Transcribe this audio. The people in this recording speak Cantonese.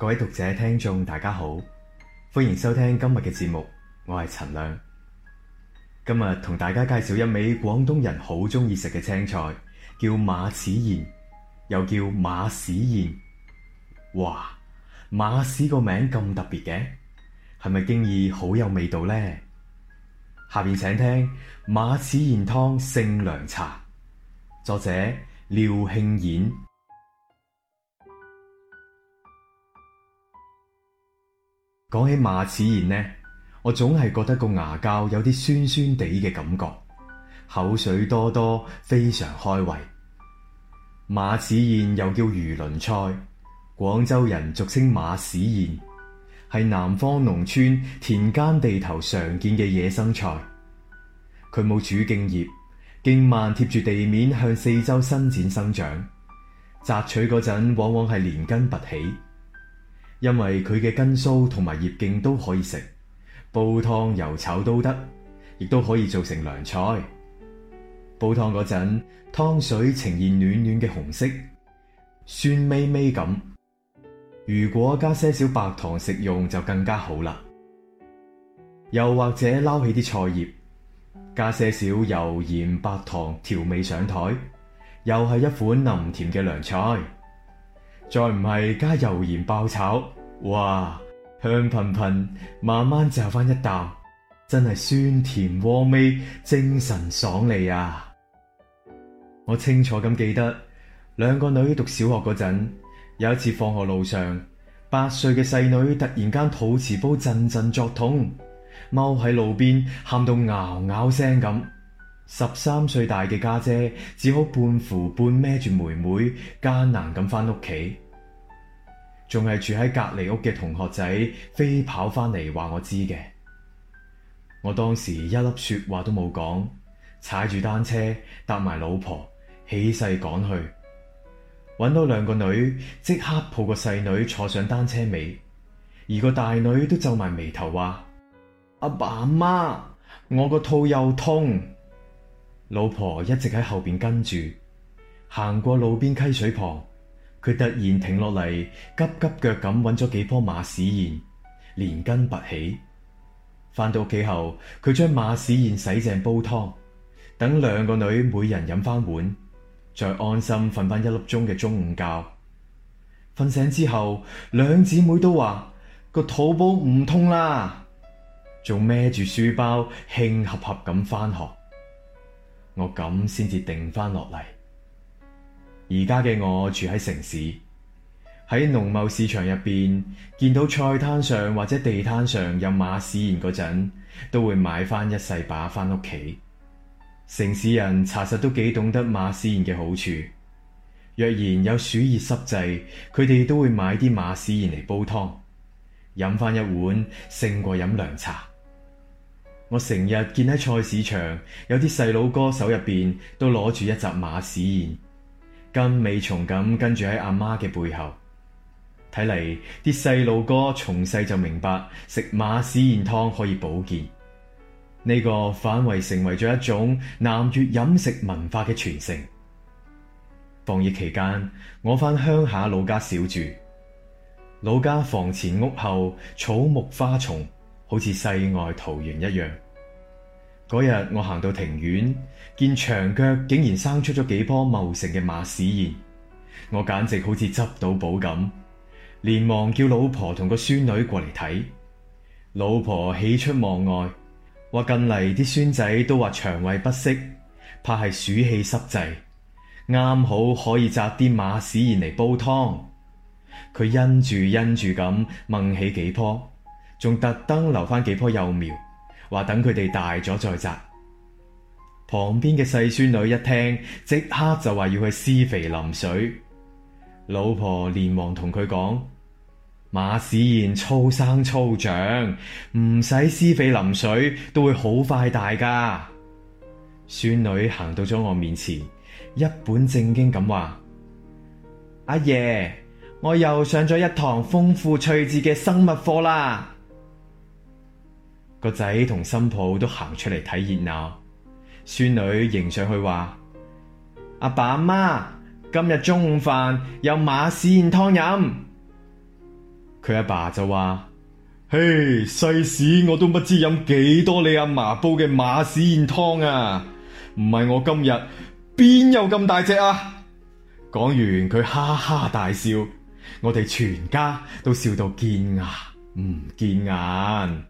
各位讀者、聽眾，大家好，歡迎收聽今日嘅節目，我係陳亮。今日同大家介紹一味廣東人好鍾意食嘅青菜，叫馬齒莧，又叫馬屎莧。哇，馬屎個名咁特別嘅，係咪經已好有味道呢？下面請聽《馬齒莧湯勝涼茶》，作者廖慶演。講起馬齒莧呢，我總係覺得個牙膠有啲酸酸地嘅感覺，口水多多，非常開胃。馬齒莧又叫魚鱗菜，廣州人俗稱馬屎莧，係南方農村田間地頭常見嘅野生菜。佢冇主莖葉，莖蔓貼住地面向四周伸展生長，摘取嗰陣往往係連根拔起。因為佢嘅根須同埋葉莖都可以食，煲湯、油炒都得，亦都可以做成涼菜。煲湯嗰陣，湯水呈現暖暖嘅紅色，酸味味咁。如果加些少白糖食用就更加好啦。又或者撈起啲菜葉，加些少油鹽白糖調味上台，又係一款腍甜嘅涼菜。再唔係加油鹽爆炒，哇，香噴噴，慢慢嚼翻一啖，真係酸甜鑊味，精神爽利啊！我清楚咁記得，兩個女讀小學嗰陣，有一次放學路上，八歲嘅細女突然間肚臍煲陣陣作痛，踎喺路邊喊到嗷嗷聲咁。十三歲大嘅家姐，只好半扶半孭住妹妹，艱難咁翻屋企。仲係住喺隔籬屋嘅同學仔，飛跑翻嚟話我知嘅。我當時一粒說話都冇講，踩住單車搭埋老婆，起勢趕去。搵到兩個女，即刻抱個細女坐上單車尾，而個大女都皺埋眉頭話：阿爸阿媽，我個肚又痛。老婆一直喺後邊跟住，行過路邊溪水旁，佢突然停落嚟，急急腳咁揾咗幾棵馬齒莧，連根拔起。翻到屋企後，佢將馬齒莧洗淨煲湯，等兩個女每人飲翻碗，再安心瞓翻一粒鐘嘅中午覺。瞓醒之後，兩姊妹都話個肚煲唔痛啦，仲孭住書包興合合咁翻學。我咁先至定翻落嚟。而家嘅我住喺城市，喺農貿市場入邊見到菜攤上或者地攤上有馬屎莧嗰陣，都會買翻一細把翻屋企。城市人查實都幾懂得馬屎莧嘅好處。若然有暑熱濕滯，佢哋都會買啲馬屎莧嚟煲湯，飲翻一碗勝過飲涼茶。我成日見喺菜市場有啲細佬哥手入邊都攞住一紮馬齒莧，更尾從咁跟住喺阿媽嘅背後，睇嚟啲細佬哥從細就明白食馬齒莧湯可以保健，呢個反為成為咗一種南粵飲食文化嘅傳承。防疫期間，我翻鄉下老家小住，老家房前屋後草木花叢。好似世外桃源一樣。嗰日我行到庭院，見牆腳竟然生出咗幾棵茂盛嘅馬齒莧，我簡直好似執到寶咁，連忙叫老婆同個孫女過嚟睇。老婆喜出望外，話近嚟啲孫仔都話腸胃不適，怕係暑氣濕滯，啱好可以摘啲馬齒莧嚟煲湯。佢因住因住咁掹起幾棵。仲特登留翻幾棵幼苗，話等佢哋大咗再摘。旁邊嘅細孫女一聽，即刻就話要去施肥淋水。老婆連忙同佢講：馬屎莧粗生粗長，唔使施肥淋水都會好快大噶。孫女行到咗我面前，一本正經咁話：阿爺，我又上咗一堂豐富趣致嘅生物課啦。個仔同新抱都行出嚟睇熱鬧，孫女迎上去話：阿爸阿媽，今日中午飯有馬屎莧湯飲。佢阿爸，爸就話：嘿，細時我都不知飲幾多你阿嫲煲嘅馬屎莧湯啊！唔係我今日邊有咁大隻啊！講完佢哈哈大笑，我哋全家都笑到見牙唔見眼。